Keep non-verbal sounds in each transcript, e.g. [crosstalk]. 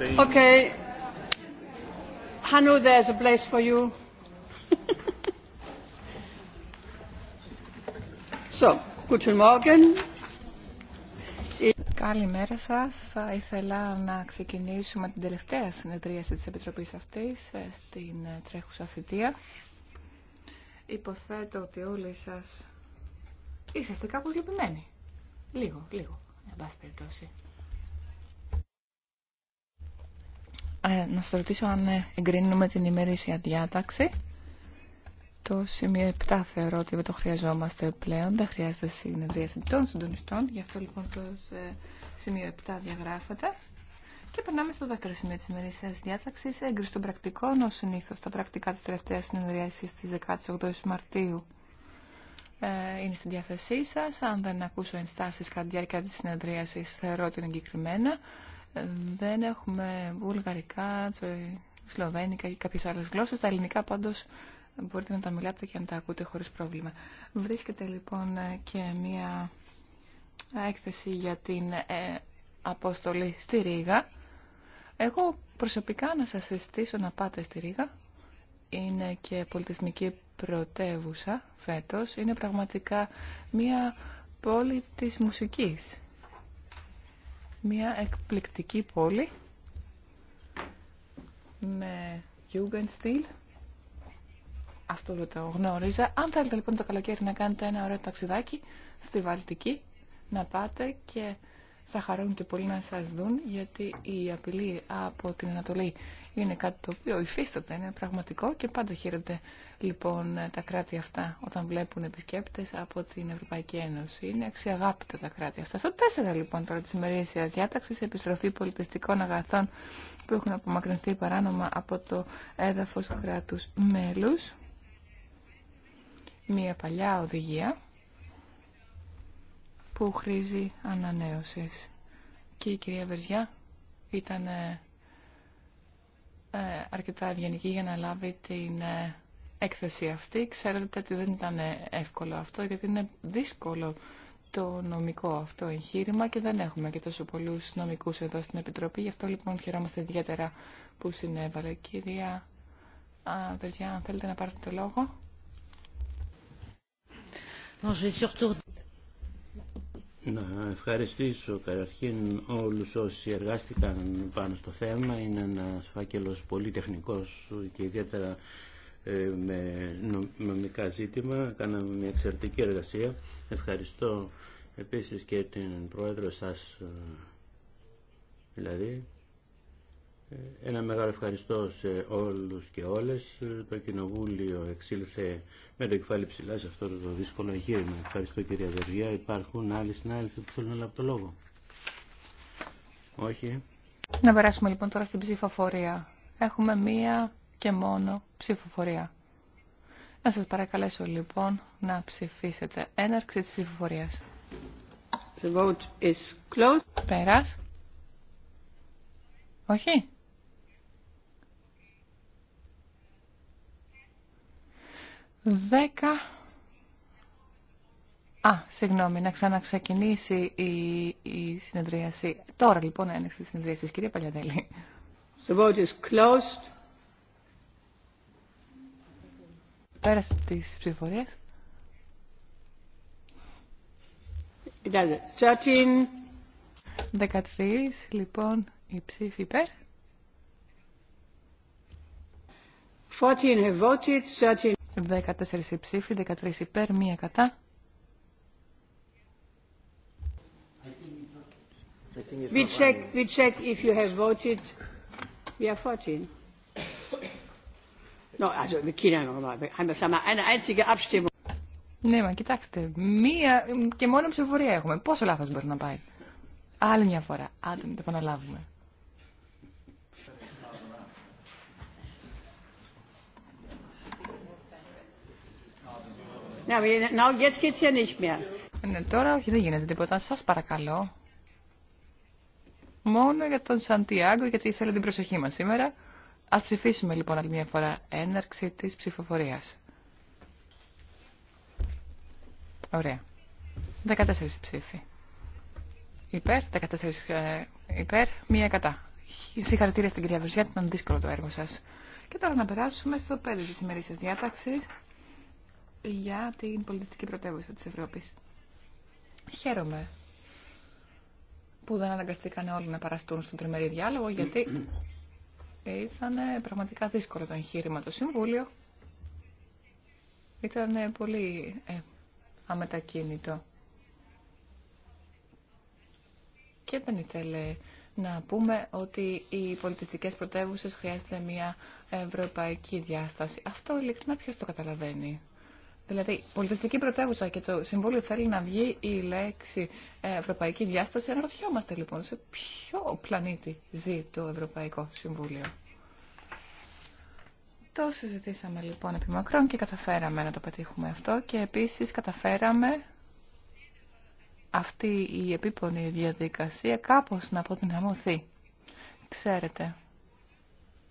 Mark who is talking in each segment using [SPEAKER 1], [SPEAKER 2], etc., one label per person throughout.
[SPEAKER 1] Okay. Hanu, there's a place for you.
[SPEAKER 2] [laughs] so, guten Morgen. Καλημέρα σας. Θα ήθελα να ξεκινήσουμε την τελευταία συνεδρίαση της Επιτροπής αυτής ε, στην ε, τρέχουσα θητεία. Υποθέτω ότι όλοι σας είσαστε κάπως λυπημένοι. Λίγο, λίγο, εν πάση περιπτώσει. Ε, να σας ρωτήσω αν ε, εγκρίνουμε την ημερήσια διάταξη. Το σημείο 7 θεωρώ ότι δεν το χρειαζόμαστε πλέον, δεν χρειάζεται συνεδρίαση των συντονιστών, γι' αυτό λοιπόν το ε, σημείο 7 διαγράφεται. Και περνάμε στο δεύτερο σημείο τη ημερήσια διάταξη, έγκριση των πρακτικών, Ως συνήθω τα πρακτικά τη τελευταία συνεδρίαση της 18 Μαρτίου είναι στη διάθεσή σα. Αν δεν ακούσω ενστάσει κατά τη διάρκεια τη συνεδρίαση, θεωρώ ότι είναι εγκεκριμένα. Δεν έχουμε βουλγαρικά, σλοβένικα ή κάποιες άλλες γλώσσες. Τα ελληνικά πάντως μπορείτε να τα μιλάτε και να τα ακούτε χωρίς πρόβλημα. Βρίσκεται λοιπόν ε, και μία έκθεση για την ε, αποστολή στη Ρήγα. Εγώ προσωπικά να σας συστήσω να πάτε στη Ρήγα. Είναι και πολιτισμική πρωτεύουσα φέτος. Είναι πραγματικά μία πόλη της μουσικής μια εκπληκτική πόλη με Jugendstil. Αυτό δεν το γνώριζα. Αν θέλετε λοιπόν το καλοκαίρι να κάνετε ένα ωραίο ταξιδάκι στη Βαλτική, να πάτε και θα χαρούν και πολύ να σας δουν γιατί η απειλή από την Ανατολή είναι κάτι το οποίο υφίσταται, είναι πραγματικό και πάντα χαίρονται λοιπόν τα κράτη αυτά όταν βλέπουν επισκέπτες από την Ευρωπαϊκή Ένωση. Είναι αξιαγάπητα τα κράτη αυτά. Στο τέσσερα λοιπόν τώρα τη ημερήσιας διάταξη επιστροφή πολιτιστικών αγαθών που έχουν απομακρυνθεί παράνομα από το έδαφος κράτους μέλους. Μία παλιά οδηγία που χρήζει ανανέωσης. Και η κυρία Βερζιά ήταν ε, ε, αρκετά ευγενική για να λάβει την ε, έκθεση αυτή. Ξέρετε ότι δεν ήταν εύκολο αυτό, γιατί είναι δύσκολο το νομικό αυτό εγχείρημα και δεν έχουμε και τόσο πολλούς νομικούς εδώ στην Επιτροπή. Γι' αυτό λοιπόν χαιρόμαστε ιδιαίτερα που συνέβαλε. Κυρία Βεριά, αν θέλετε να πάρετε το λόγο.
[SPEAKER 1] Να ευχαριστήσω καταρχήν όλους όσοι εργάστηκαν πάνω στο θέμα. Είναι ένας φάκελος πολύ τεχνικός και ιδιαίτερα ε, με νομικά ζήτημα. Κάναμε μια εξαιρετική εργασία. Ευχαριστώ επίσης και την Πρόεδρο σας, ε, δηλαδή, ένα μεγάλο ευχαριστώ σε όλους και όλες. Το Κοινοβούλιο εξήλθε με το κεφάλι ψηλά σε αυτό το δύσκολο εγχείρημα. Ευχαριστώ κυρία Δεργία. Υπάρχουν άλλοι συνάδελφοι που θέλουν να λάβουν το λόγο. Όχι.
[SPEAKER 2] Να περάσουμε λοιπόν τώρα στην ψηφοφορία. Έχουμε μία και μόνο ψηφοφορία. Να σας παρακαλέσω λοιπόν να ψηφίσετε έναρξη της ψηφοφορίας. The vote is closed. Πέρας. Όχι. 10... Α, συγγνώμη, να ξαναξεκινήσει η, η συνεδρίαση. Τώρα λοιπόν ένοιξε η συνεδρίαση. Κυρία Παλιαδέλη. The vote is closed. Πέρασε τις ψηφορίες. It 13. 13, λοιπόν, η ψήφη υπέρ. 14 have voted, 13 14 ψήφοι, 13 υπέρ, 1 κατά.
[SPEAKER 1] We check, we check if you have voted. We are 14.
[SPEAKER 2] Ναι, μα κοιτάξτε, μία και μόνο ψηφοφορία έχουμε. Πόσο λάθος μπορεί να πάει. Άλλη μια φορά. Άντε, μην το επαναλάβουμε. Ναι, ναι, τώρα όχι, δεν γίνεται τίποτα. σα παρακαλώ. Μόνο για τον Σαντιάγκο, γιατί θέλω την προσοχή μας σήμερα. Α ψηφίσουμε λοιπόν άλλη μια φορά έναρξη τη ψηφοφορίας. Ωραία. 14 ψήφοι. Υπέρ, 14 ε, υπέρ, μία κατά. Συγχαρητήρια στην κυρία Βερζιά, ήταν δύσκολο το έργο σας. Και τώρα να περάσουμε στο 5 τη ημερήσιας διάταξη για την πολιτιστική πρωτεύουσα της Ευρώπης. Χαίρομαι που δεν αναγκαστήκαν όλοι να παραστούν στον τριμερή διάλογο, γιατί ήταν πραγματικά δύσκολο το εγχείρημα το Συμβούλιο. Ήταν πολύ ε, αμετακίνητο. Και δεν ήθελε να πούμε ότι οι πολιτιστικές πρωτεύουσες χρειάζεται μια ευρωπαϊκή διάσταση. Αυτό ειλικρινά ποιος το καταλαβαίνει. Δηλαδή, πολιτιστική πρωτεύουσα και το Συμβούλιο θέλει να βγει η λέξη ε, Ευρωπαϊκή Διάσταση. Αναρωτιόμαστε λοιπόν σε ποιο πλανήτη ζει το Ευρωπαϊκό Συμβούλιο. Το συζητήσαμε λοιπόν επί μακρόν και καταφέραμε να το πετύχουμε αυτό και επίσης καταφέραμε αυτή η επίπονη διαδικασία κάπως να αποδυναμωθεί. Ξέρετε,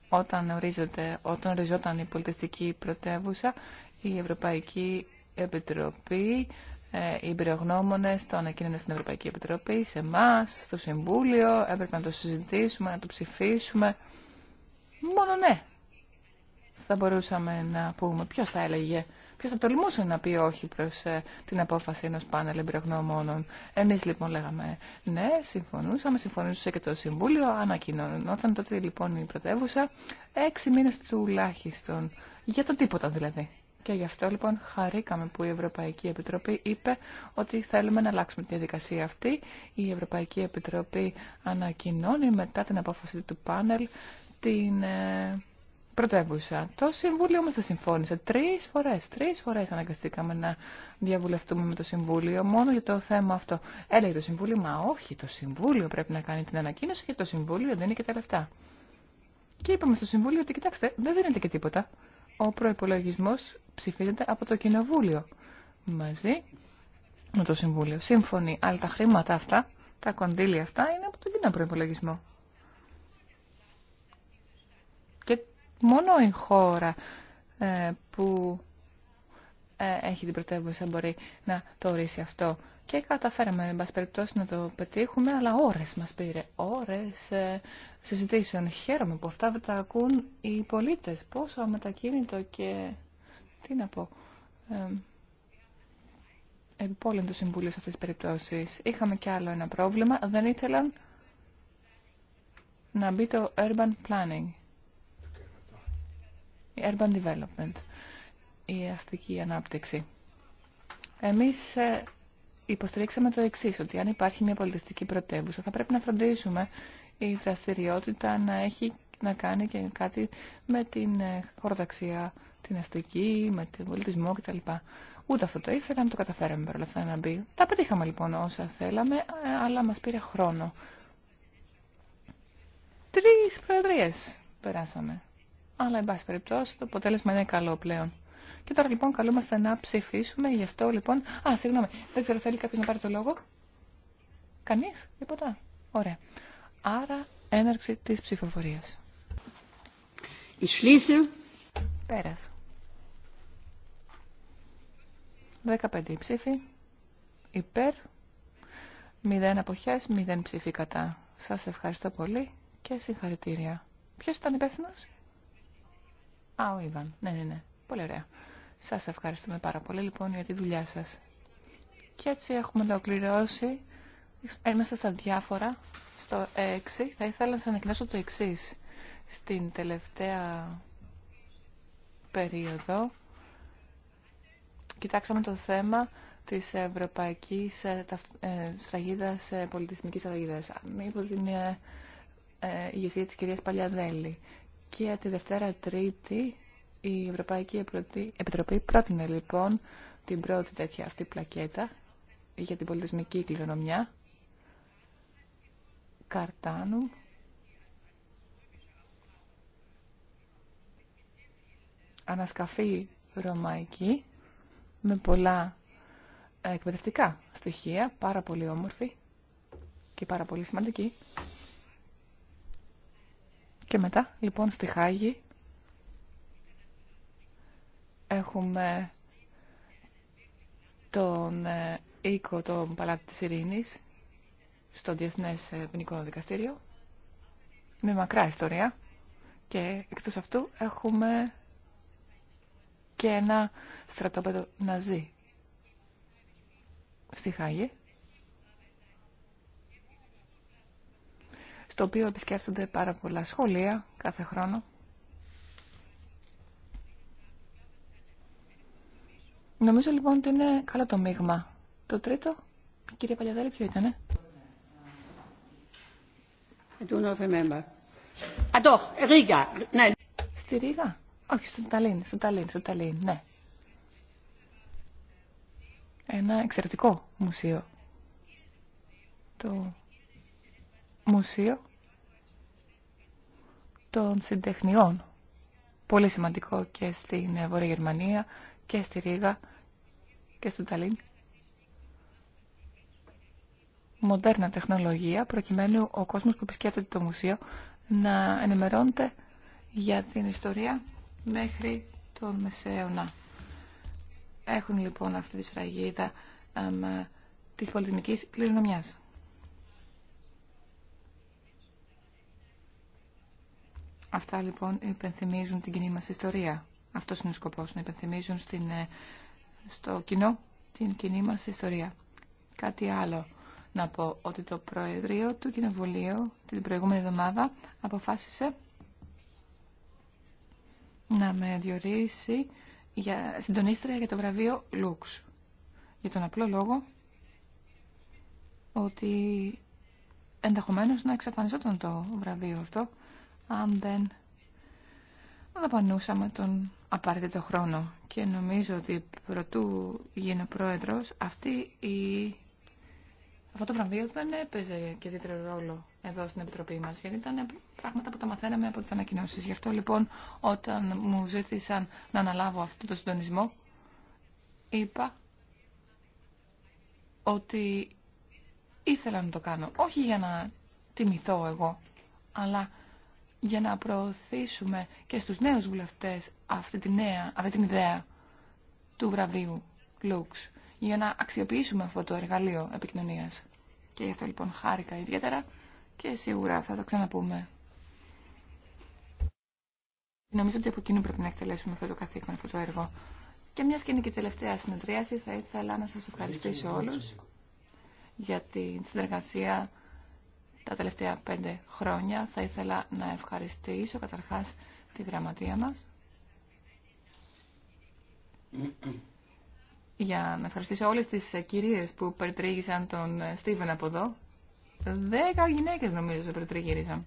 [SPEAKER 2] όταν, ορίζεται, όταν οριζόταν η πολιτιστική πρωτεύουσα, η Ευρωπαϊκή Επιτροπή, ε, οι εμπειρογνώμονε το ανακοίνωναν στην Ευρωπαϊκή Επιτροπή, σε εμά, στο Συμβούλιο. Έπρεπε να το συζητήσουμε, να το ψηφίσουμε. Μόνο ναι. Θα μπορούσαμε να πούμε ποιο θα έλεγε, ποιο θα τολμούσε να πει όχι προ ε, την απόφαση ενό πάνελ εμπειρογνώμων. Εμεί λοιπόν λέγαμε ναι, συμφωνούσαμε, συμφωνούσε και το Συμβούλιο. Ανακοινωνόταν τότε λοιπόν η πρωτεύουσα έξι μήνε τουλάχιστον. Για το τίποτα δηλαδή. Και γι' αυτό λοιπόν χαρήκαμε που η Ευρωπαϊκή Επιτροπή είπε ότι θέλουμε να αλλάξουμε τη διαδικασία αυτή. Η Ευρωπαϊκή Επιτροπή ανακοινώνει μετά την απόφαση του πάνελ την ε, πρωτεύουσα. Το Συμβούλιο όμως δεν συμφώνησε. Τρεις φορές, τρεις φορές αναγκαστήκαμε να διαβουλευτούμε με το Συμβούλιο μόνο για το θέμα αυτό. Έλεγε το Συμβούλιο, μα όχι, το Συμβούλιο πρέπει να κάνει την ανακοίνωση και το Συμβούλιο δεν είναι και τα λεφτά. Και είπαμε στο Συμβούλιο ότι κοιτάξτε, δεν δίνεται και τίποτα ο προϋπολογισμός ψηφίζεται από το Κοινοβούλιο μαζί με το Συμβούλιο. Σύμφωνοι, αλλά τα χρήματα αυτά, τα κονδύλια αυτά είναι από τον κοινό προϋπολογισμό. Και μόνο η χώρα ε, που ε, έχει την πρωτεύουσα μπορεί να το ορίσει αυτό και καταφέραμε, εν πάση περιπτώσει, να το πετύχουμε, αλλά ώρες μας πήρε, ώρες ε, συζητήσεων. Χαίρομαι που αυτά τα ακούν οι πολίτες. Πόσο αμετακίνητο και, τι να πω, ε, συμβούλιο του σε αυτές τις περιπτώσεις. Είχαμε κι άλλο ένα πρόβλημα, δεν ήθελαν να μπει το urban planning, urban development, η αστική ανάπτυξη. Εμείς ε, υποστηρίξαμε το εξή, ότι αν υπάρχει μια πολιτιστική πρωτεύουσα θα πρέπει να φροντίσουμε η δραστηριότητα να έχει να κάνει και κάτι με την ε, χωροταξία, την αστική, με τον πολιτισμό κτλ. Ούτε αυτό το ήθελαμε, το καταφέραμε παρόλα αυτά να μπει. Τα πετύχαμε λοιπόν όσα θέλαμε, ε, αλλά μας πήρε χρόνο. Τρεις προεδρίες περάσαμε. Αλλά, εν πάση περιπτώσει, το αποτέλεσμα είναι καλό πλέον. Και τώρα λοιπόν καλούμαστε να ψηφίσουμε γι' αυτό λοιπόν. Α, συγγνώμη, δεν ξέρω, θέλει κάποιο να πάρει το λόγο. Κανεί, τίποτα. Ωραία. Άρα, έναρξη τη ψηφοφορία. Πέρα. 15 ψήφοι. Υπέρ. 0 αποχές, 0 ψήφοι κατά. Σας ευχαριστώ πολύ και συγχαρητήρια. Ποιος ήταν υπεύθυνο? Α, ο Ιβαν. Ναι, ναι, ναι. Πολύ ωραία. Σας ευχαριστούμε πάρα πολύ λοιπόν για τη δουλειά σας. Και έτσι έχουμε ολοκληρώσει μέσα στα διάφορα. Στο 6 θα ήθελα να σας ανακοινώσω το εξή. Στην τελευταία περίοδο κοιτάξαμε το θέμα της ευρωπαϊκής ε, ε, σφραγίδας, ε, πολιτισμικής σφραγίδας. Μήπως την ηγεσία της κυρίας Παλιαδέλη. Και τη Δευτέρα Τρίτη η Ευρωπαϊκή Επιτροπή πρότεινε λοιπόν την πρώτη τέτοια αυτή πλακέτα για την πολιτισμική κληρονομιά Καρτάνου ανασκαφή ρωμαϊκή με πολλά ε, εκπαιδευτικά στοιχεία, πάρα πολύ όμορφη και πάρα πολύ σημαντική. Και μετά, λοιπόν, στη Χάγη Έχουμε τον ε, οίκο των παλάτι της Ειρήνης στο Διεθνές ε, Ποινικό Δικαστήριο με μακρά ιστορία και εκτός αυτού έχουμε και ένα στρατόπεδο ναζί στη Χάγη στο οποίο επισκέφτονται πάρα πολλά σχολεία κάθε χρόνο Νομίζω λοιπόν ότι είναι καλό το μείγμα. Το τρίτο, κύριε Παλιαδέλη, ποιο ήτανε.
[SPEAKER 1] I do not remember.
[SPEAKER 2] Α, Ρίγα. Ναι. Στη Ρίγα. Όχι, στο Ταλίν, στο Ταλίν, στο Ταλίν, ναι. Ένα εξαιρετικό μουσείο. Το μουσείο των συντεχνιών. Πολύ σημαντικό και στην Βόρεια Γερμανία και στη Ρίγα και στο Ταλίν μοντέρνα τεχνολογία προκειμένου ο κόσμος που επισκέπτεται το μουσείο να ενημερώνεται για την ιστορία μέχρι τον Μεσαίωνα. Έχουν λοιπόν αυτή τη σφραγίδα της πολιτισμικής κληρονομιάς. Αυτά λοιπόν υπενθυμίζουν την κοινή μας ιστορία. Αυτό είναι ο σκοπό, να υπενθυμίζουν ε, στο κοινό την κοινή μα ιστορία. Κάτι άλλο να πω ότι το Προεδρείο του Κοινοβουλίου την προηγούμενη εβδομάδα αποφάσισε να με διορίσει για συντονίστρια για το βραβείο Λουξ. Για τον απλό λόγο ότι ενδεχομένως να εξαφανιζόταν το βραβείο αυτό αν δεν δαπανούσαμε τον απαραίτητο χρόνο. Και νομίζω ότι προτού γίνω πρόεδρος, αυτή η... αυτό το βραβείο δεν έπαιζε και δίτερο ρόλο εδώ στην Επιτροπή μας, γιατί ήταν πράγματα που τα μαθαίναμε από τις ανακοινώσεις. Γι' αυτό λοιπόν όταν μου ζήτησαν να αναλάβω αυτό το συντονισμό, είπα ότι ήθελα να το κάνω. Όχι για να τιμηθώ εγώ, αλλά για να προωθήσουμε και στους νέους βουλευτές αυτή τη νέα, αυτή την ιδέα του βραβείου Λουξ, για να αξιοποιήσουμε αυτό το εργαλείο επικοινωνίας. Και γι' αυτό λοιπόν χάρηκα ιδιαίτερα και σίγουρα θα το ξαναπούμε. Νομίζω ότι από κοινού πρέπει να εκτελέσουμε αυτό το καθήκον, αυτό το έργο. Και μια και είναι και η τελευταία συνεδρίαση, θα ήθελα να σας ευχαριστήσω όλους για την συνεργασία τα τελευταία πέντε χρόνια. Θα ήθελα να ευχαριστήσω καταρχάς τη γραμματεία μας. Για να ευχαριστήσω όλες τις κυρίες που περιτρίγησαν τον Στίβεν από εδώ. Δέκα γυναίκες νομίζω περιτριγύρισαν.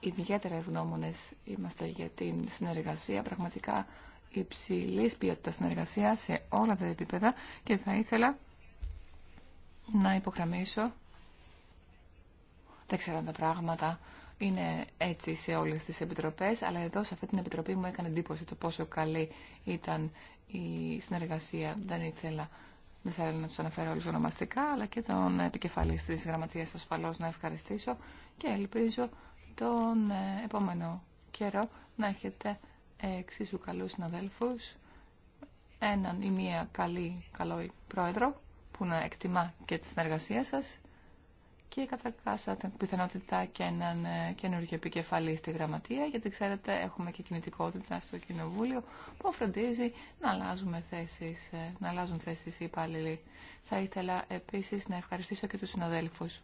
[SPEAKER 2] Ιδιαίτερα ευγνώμονες είμαστε για την συνεργασία, πραγματικά υψηλή ποιότητα συνεργασία σε όλα τα επίπεδα και θα ήθελα να υπογραμμίσω δεν ξέρω αν τα πράγματα είναι έτσι σε όλες τις επιτροπές, αλλά εδώ σε αυτή την επιτροπή μου έκανε εντύπωση το πόσο καλή ήταν η συνεργασία. Δεν ήθελα, δεν θέλω να του αναφέρω όλου ονομαστικά, αλλά και τον επικεφαλής της γραμματείας Ασφαλώ να ευχαριστήσω και ελπίζω τον ε, επόμενο καιρό να έχετε εξίσου καλούς συναδέλφους, έναν ή μία καλή, καλό πρόεδρο που να εκτιμά και τη συνεργασία σας και κατακάσατε πιθανότητα και έναν ε, καινούργιο επικεφαλή στη γραμματεία, γιατί ξέρετε έχουμε και κινητικότητα στο Κοινοβούλιο που φροντίζει να, αλλάζουμε θέσεις, ε, να αλλάζουν θέσεις οι υπάλληλοι. Θα ήθελα επίσης να ευχαριστήσω και τους συναδέλφους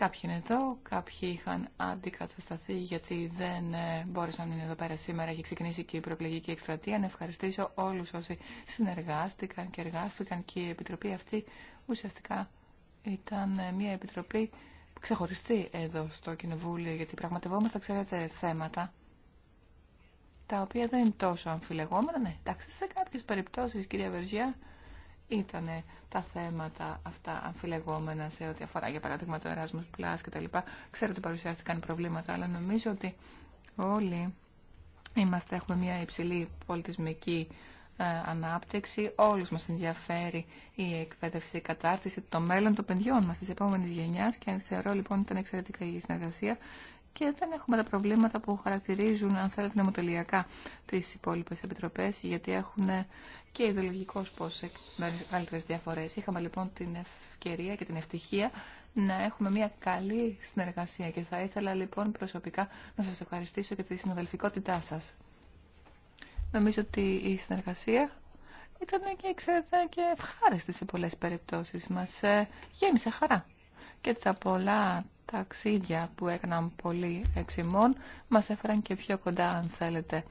[SPEAKER 2] Κάποιοι είναι εδώ, κάποιοι είχαν αντικατασταθεί γιατί δεν ε, μπόρεσαν να είναι εδώ πέρα σήμερα. Έχει ξεκινήσει και η προεκλογική εκστρατεία. Να ευχαριστήσω όλου όσοι συνεργάστηκαν και εργάστηκαν και η επιτροπή αυτή ουσιαστικά ήταν ε, μια επιτροπή ξεχωριστή εδώ στο Κοινοβούλιο γιατί πραγματευόμαστε, ξέρετε, θέματα τα οποία δεν είναι τόσο αμφιλεγόμενα. Ναι, εντάξει, σε κάποιε περιπτώσει, κυρία Βερζιά, ήταν τα θέματα αυτά αμφιλεγόμενα σε ό,τι αφορά για παράδειγμα το Erasmus Plus κτλ. Ξέρω ότι παρουσιάστηκαν προβλήματα, αλλά νομίζω ότι όλοι είμαστε, έχουμε μια υψηλή πολιτισμική ε, ανάπτυξη. Όλους μας ενδιαφέρει η εκπαίδευση, η κατάρτιση, το μέλλον των παιδιών μας, τη επόμενης γενιάς και θεωρώ λοιπόν ότι ήταν εξαιρετικά η συνεργασία και δεν έχουμε τα προβλήματα που χαρακτηρίζουν, αν θέλετε, νομοτελειακά τις υπόλοιπες επιτροπές, γιατί έχουν και ιδεολογικό πώς άλλες διαφορές. Είχαμε λοιπόν την ευκαιρία και την ευτυχία να έχουμε μια καλή συνεργασία και θα ήθελα λοιπόν προσωπικά να σας ευχαριστήσω για τη συναδελφικότητά σας. Νομίζω ότι η συνεργασία ήταν και, και ευχάριστη σε πολλές περιπτώσεις μας. Ε, γέμισε χαρά. Και τα πολλά ταξίδια που έκαναν πολλοί εξημών μας έφεραν και πιο κοντά, αν θέλετε,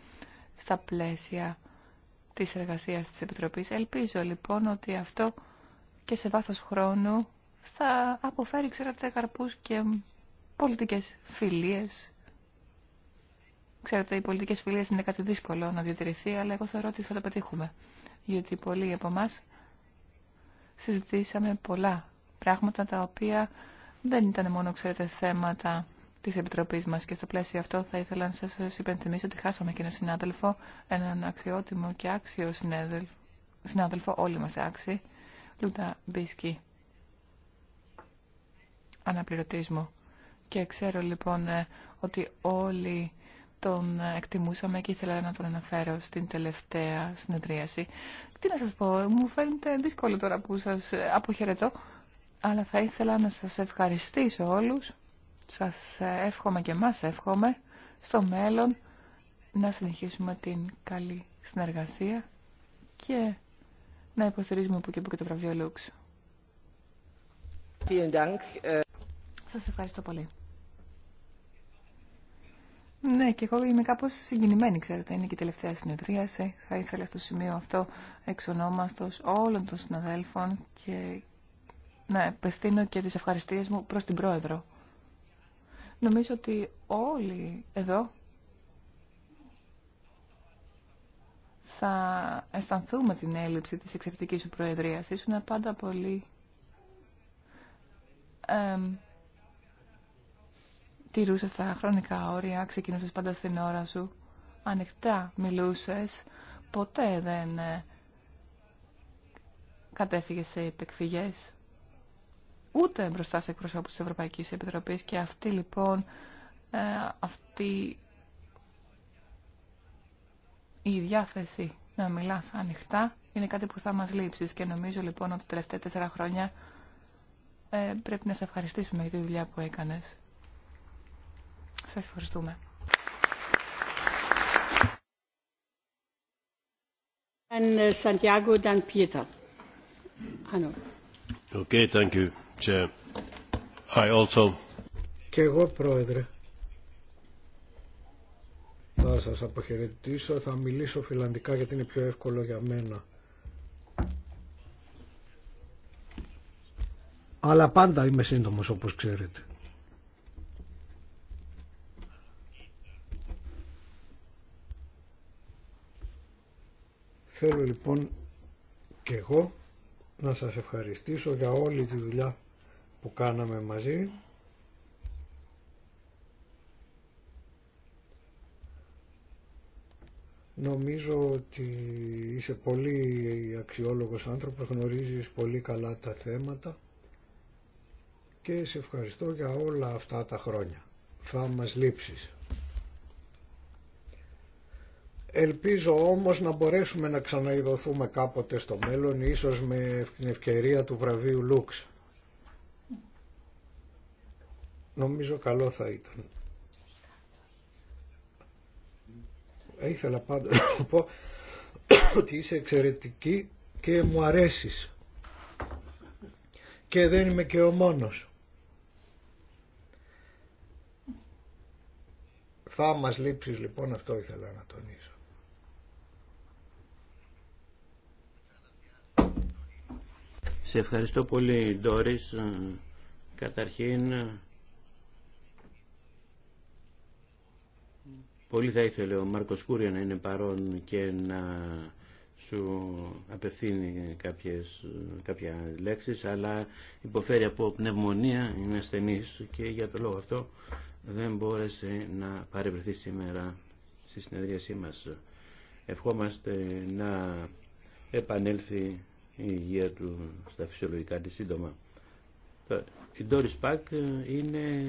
[SPEAKER 2] στα πλαίσια της εργασίας της Επιτροπής. Ελπίζω λοιπόν ότι αυτό και σε βάθος χρόνου θα αποφέρει, ξέρετε, καρπούς και πολιτικές φιλίες. Ξέρετε, οι πολιτικές φιλίες είναι κάτι δύσκολο να διατηρηθεί, αλλά εγώ θεωρώ ότι θα το πετύχουμε. Γιατί πολλοί από εμά συζητήσαμε πολλά πράγματα τα οποία δεν ήταν μόνο, ξέρετε, θέματα της Επιτροπής μας και στο πλαίσιο αυτό θα ήθελα να σας υπενθυμίσω ότι χάσαμε και έναν συνάδελφο, έναν αξιότιμο και άξιο συνάδελφο, συνάδελφο όλοι μας άξιοι, Λούτα Μπίσκι, αναπληρωτής μου. Και ξέρω λοιπόν ε, ότι όλοι τον εκτιμούσαμε και ήθελα να τον αναφέρω στην τελευταία συνεδρίαση. Τι να σας πω, μου φαίνεται δύσκολο τώρα που σας ε, αποχαιρετώ, αλλά θα ήθελα να σας ευχαριστήσω όλους. Σας εύχομαι και μας εύχομαι στο μέλλον να συνεχίσουμε την καλή συνεργασία και να υποστηρίζουμε που και που και το βραβείο Λουξ. Ε. Σας ευχαριστώ πολύ. Ναι, και εγώ είμαι κάπως συγκινημένη, ξέρετε, είναι και η τελευταία συνεδρίαση. Θα ήθελα στο σημείο αυτό εξ ονόμαστος όλων των συναδέλφων και να επευθύνω και τις ευχαριστίες μου προς την Πρόεδρο. Νομίζω ότι όλοι εδώ θα αισθανθούμε την έλλειψη της εξαιρετικής σου Προεδρίας. Ήσουν πάντα πολύ ε, τηρούσε τα χρονικά όρια, ξεκινούσες πάντα στην ώρα σου, ανοιχτά μιλούσες, ποτέ δεν ε, κατέφυγες σε επεκφυγές ούτε μπροστά σε εκπροσώπους της Ευρωπαϊκής Επιτροπής και αυτή λοιπόν ε, αυτή η διάθεση να μιλάς ανοιχτά είναι κάτι που θα μας λείψεις και νομίζω λοιπόν ότι τα τελευταία τέσσερα χρόνια ε, πρέπει να σε ευχαριστήσουμε για τη δουλειά που έκανες. Σας ευχαριστούμε.
[SPEAKER 1] Uh, και
[SPEAKER 3] εγώ πρόεδρε. Θα σας αποχαιρετήσω, θα μιλήσω φιλανδικά γιατί είναι πιο εύκολο για μένα. Αλλά πάντα είμαι σύντομος όπως ξέρετε. Θέλω λοιπόν και εγώ να σας ευχαριστήσω για όλη τη δουλειά που κάναμε μαζί. Νομίζω ότι είσαι πολύ αξιόλογος άνθρωπος, γνωρίζεις πολύ καλά τα θέματα και σε ευχαριστώ για όλα αυτά τα χρόνια. Θα μας λείψεις. Ελπίζω όμως να μπορέσουμε να ξαναειδωθούμε κάποτε στο μέλλον, ίσως με την ευκαιρία του βραβείου Λούξ. Νομίζω καλό θα ήταν. Ε, ήθελα πάντα να πω ότι είσαι εξαιρετική και μου αρέσεις. Και δεν είμαι και ο μόνος. Θα μας λείψεις λοιπόν αυτό ήθελα να τονίσω.
[SPEAKER 1] Σε ευχαριστώ πολύ Ντόρις. Καταρχήν Πολύ θα ήθελε ο Μάρκος Κούρια να είναι παρόν και να σου απευθύνει κάποιες, κάποια λέξεις, αλλά υποφέρει από πνευμονία, είναι ασθενής και για το λόγο αυτό δεν μπόρεσε να παρευρεθεί σήμερα στη συνεδρίασή μας. Ευχόμαστε να επανέλθει η υγεία του στα φυσιολογικά της σύντομα. Η Doris Pack είναι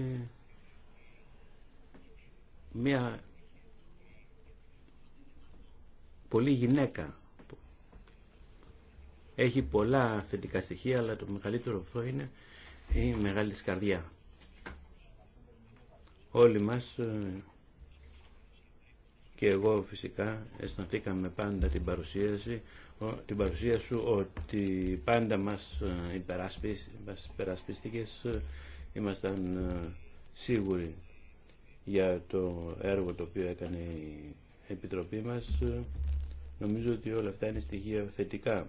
[SPEAKER 1] μια πολύ γυναίκα έχει πολλά θετικά στοιχεία αλλά το μεγαλύτερο αυτό είναι η μεγάλη σκαρδιά. καρδιά όλοι μας ε, και εγώ φυσικά αισθανθήκαμε πάντα την παρουσίαση την παρουσία σου ότι πάντα μας ε, υπερασπίστηκες ε, ήμασταν σίγουροι για το έργο το οποίο έκανε η Επιτροπή μας. Νομίζω ότι όλα αυτά είναι στοιχεία θετικά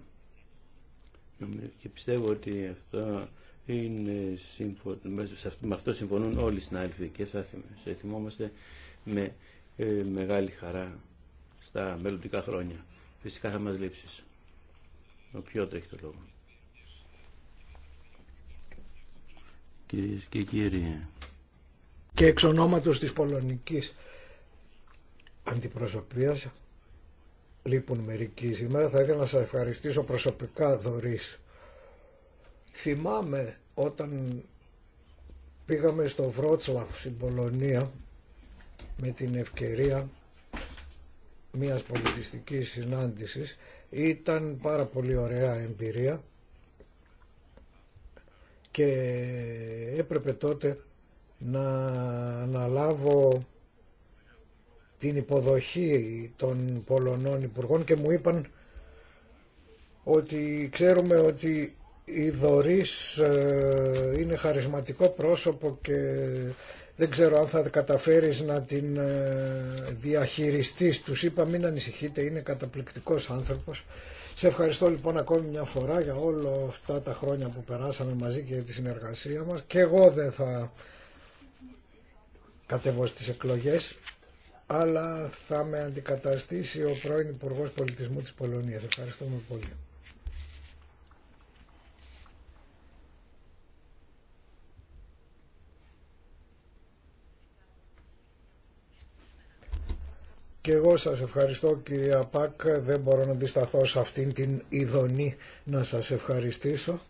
[SPEAKER 1] και πιστεύω ότι αυτό είναι σύμφω... με αυτό συμφωνούν όλοι οι συνάδελφοι και σας θυμόμαστε με ε, μεγάλη χαρά στα μελλοντικά χρόνια. Φυσικά θα μας λείψεις. Ο πιο έχει το λόγο. Κυρίες και κύριοι,
[SPEAKER 3] και εξ ονόματος της πολωνικής αντιπροσωπείας λείπουν μερικοί σήμερα θα ήθελα να σας ευχαριστήσω προσωπικά Δωρής θυμάμαι όταν πήγαμε στο Βρότσλαφ στην Πολωνία με την ευκαιρία μιας πολιτιστικής συνάντησης ήταν πάρα πολύ ωραία εμπειρία και έπρεπε τότε να αναλάβω την υποδοχή των Πολωνών Υπουργών και μου είπαν ότι ξέρουμε ότι η Δωρής ε, είναι χαρισματικό πρόσωπο και δεν ξέρω αν θα καταφέρεις να την ε, διαχειριστείς. Τους είπα μην ανησυχείτε, είναι καταπληκτικός άνθρωπος. Σε ευχαριστώ λοιπόν ακόμη μια φορά για όλα αυτά τα χρόνια που περάσαμε μαζί και τη συνεργασία μας και εγώ δεν θα κατεβώ στις εκλογές, αλλά θα με αντικαταστήσει ο πρώην Υπουργός Πολιτισμού της Πολωνίας. Ευχαριστούμε πολύ. Και εγώ σας ευχαριστώ κυρία Πακ, δεν μπορώ να αντισταθώ σε αυτήν την ειδονή να σας ευχαριστήσω.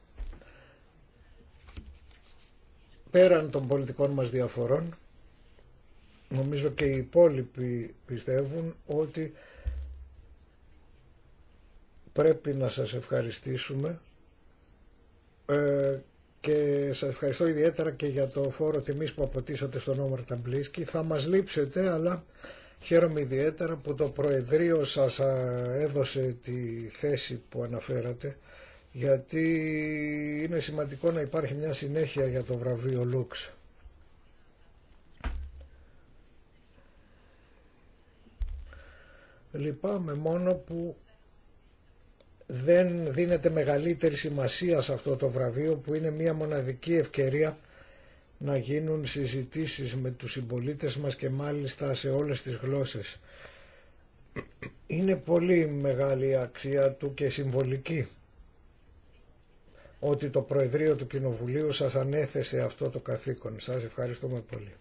[SPEAKER 3] Πέραν των πολιτικών μας διαφορών, νομίζω και οι υπόλοιποι πιστεύουν ότι πρέπει να σας ευχαριστήσουμε ε, και σας ευχαριστώ ιδιαίτερα και για το φόρο τιμής που αποτίσατε στον Όμαρ Ταμπλίσκη. Θα μας λείψετε αλλά χαίρομαι ιδιαίτερα που το Προεδρείο σας ε, έδωσε τη θέση που αναφέρατε γιατί είναι σημαντικό να υπάρχει μια συνέχεια για το βραβείο Λούξ. Λυπάμαι μόνο που δεν δίνεται μεγαλύτερη σημασία σε αυτό το βραβείο που είναι μια μοναδική ευκαιρία να γίνουν συζητήσεις με τους συμπολίτε μας και μάλιστα σε όλες τις γλώσσες. Είναι πολύ μεγάλη η αξία του και συμβολική ότι το Προεδρείο του Κοινοβουλίου σας ανέθεσε αυτό το καθήκον. Σας ευχαριστούμε πολύ.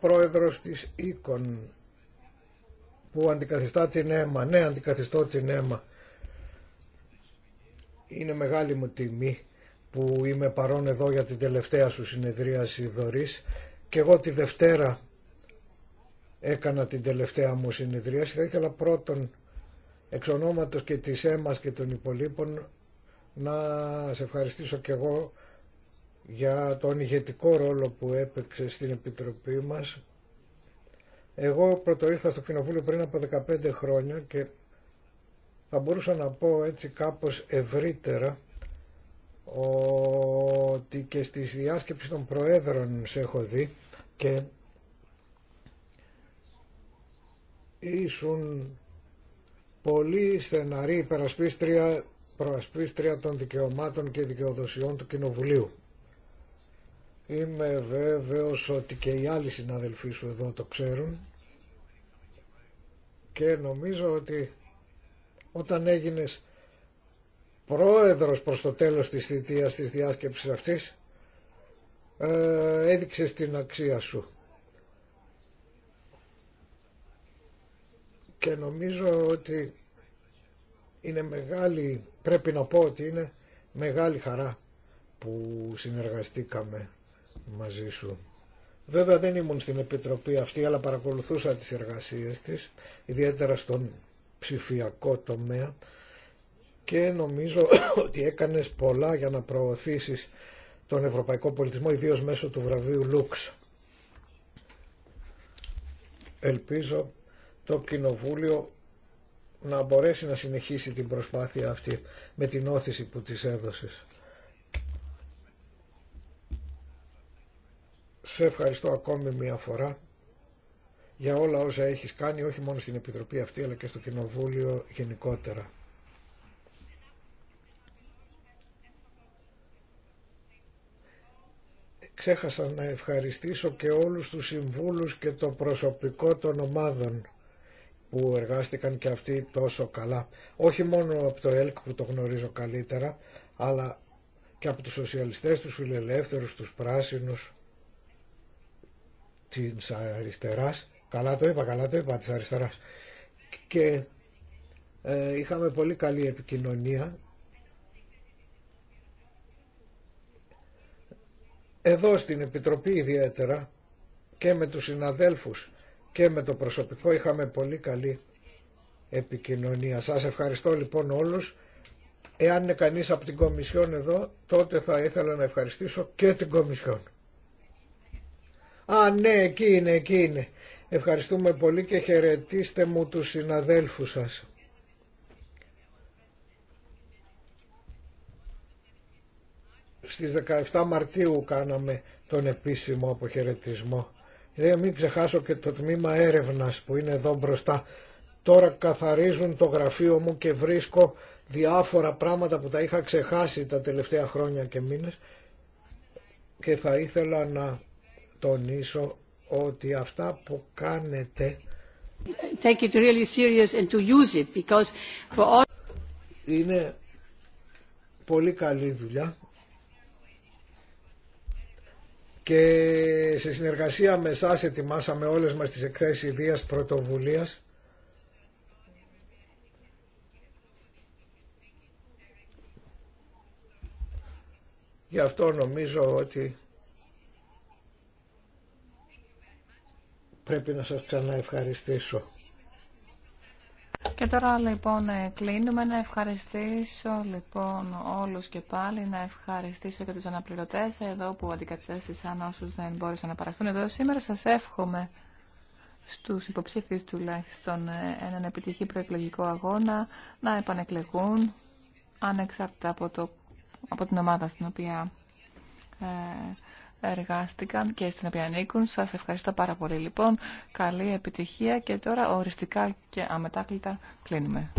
[SPEAKER 3] πρόεδρος της Οικων που αντικαθιστά την αίμα. Ναι, αντικαθιστώ την αίμα. Είναι μεγάλη μου τιμή που είμαι παρόν εδώ για την τελευταία σου συνεδρίαση Δωρής και εγώ τη Δευτέρα έκανα την τελευταία μου συνεδρίαση. Θα ήθελα πρώτον εξ και της ΕΜΑΣ και των υπολείπων να σε ευχαριστήσω και εγώ για τον ηγετικό ρόλο που έπαιξε στην Επιτροπή μας. Εγώ πρωτοήρθα στο Κοινοβούλιο πριν από 15 χρόνια και θα μπορούσα να πω έτσι κάπως ευρύτερα ότι και στις διάσκεψεις των Προέδρων σε έχω δει και ήσουν πολύ στεναρή υπερασπίστρια προασπίστρια των δικαιωμάτων και δικαιοδοσιών του Κοινοβουλίου. Είμαι βέβαιος ότι και οι άλλοι συναδελφοί σου εδώ το ξέρουν και νομίζω ότι όταν έγινες πρόεδρος προς το τέλος της θητείας της διάσκεψης αυτής ε, έδειξες την αξία σου. Και νομίζω ότι είναι μεγάλη, πρέπει να πω ότι είναι μεγάλη χαρά που συνεργαστήκαμε μαζί σου. Βέβαια δεν ήμουν στην Επιτροπή αυτή, αλλά παρακολουθούσα τις εργασίες της, ιδιαίτερα στον ψηφιακό τομέα και νομίζω [coughs] ότι έκανες πολλά για να προωθήσεις τον ευρωπαϊκό πολιτισμό, ιδίως μέσω του βραβείου Λούξ. Ελπίζω το Κοινοβούλιο να μπορέσει να συνεχίσει την προσπάθεια αυτή με την όθηση που της έδωσες. Σε ευχαριστώ ακόμη μια φορά για όλα όσα έχεις κάνει, όχι μόνο στην Επιτροπή αυτή, αλλά και στο Κοινοβούλιο γενικότερα. Ξέχασα να ευχαριστήσω και όλους τους συμβούλους και το προσωπικό των ομάδων που εργάστηκαν και αυτοί τόσο καλά. Όχι μόνο από το ΕΛΚ που το γνωρίζω καλύτερα, αλλά και από τους σοσιαλιστές, τους φιλελεύθερους, τους πράσινους της αριστεράς, καλά το είπα, καλά το είπα, τη αριστεράς και ε, είχαμε πολύ καλή επικοινωνία. Εδώ στην Επιτροπή ιδιαίτερα και με τους συναδέλφους και με το προσωπικό είχαμε πολύ καλή επικοινωνία. Σας ευχαριστώ λοιπόν όλους. Εάν είναι κανείς από την Κομισιόν εδώ, τότε θα ήθελα να ευχαριστήσω και την Κομισιόν. Α, ναι, εκεί είναι, εκεί είναι. Ευχαριστούμε πολύ και χαιρετίστε μου τους συναδέλφους σας. Στις 17 Μαρτίου κάναμε τον επίσημο αποχαιρετισμό. Δεν μην ξεχάσω και το τμήμα έρευνας που είναι εδώ μπροστά. Τώρα καθαρίζουν το γραφείο μου και βρίσκω διάφορα πράγματα που τα είχα ξεχάσει τα τελευταία χρόνια και μήνες και θα ήθελα να τονίσω ότι αυτά που κάνετε serious and to use it είναι πολύ καλή δουλειά και σε συνεργασία με εσά ετοιμάσαμε όλες μας τις εκθέσεις ιδίας πρωτοβουλίας Γι' αυτό νομίζω ότι πρέπει να σας ξαναευχαριστήσω.
[SPEAKER 2] Και τώρα λοιπόν κλείνουμε να ευχαριστήσω λοιπόν όλους και πάλι, να ευχαριστήσω και τους αναπληρωτές εδώ που αντικατέστησαν όσους δεν μπόρεσαν να παραστούν εδώ σήμερα. Σας εύχομαι στους υποψήφιους τουλάχιστον έναν επιτυχή προεκλογικό αγώνα να επανεκλεγούν ανεξάρτητα από, το, την ομάδα στην οποία ε, εργάστηκαν και στην οποία ανήκουν. Σας ευχαριστώ πάρα πολύ λοιπόν. Καλή επιτυχία και τώρα οριστικά και αμετάκλητα κλείνουμε.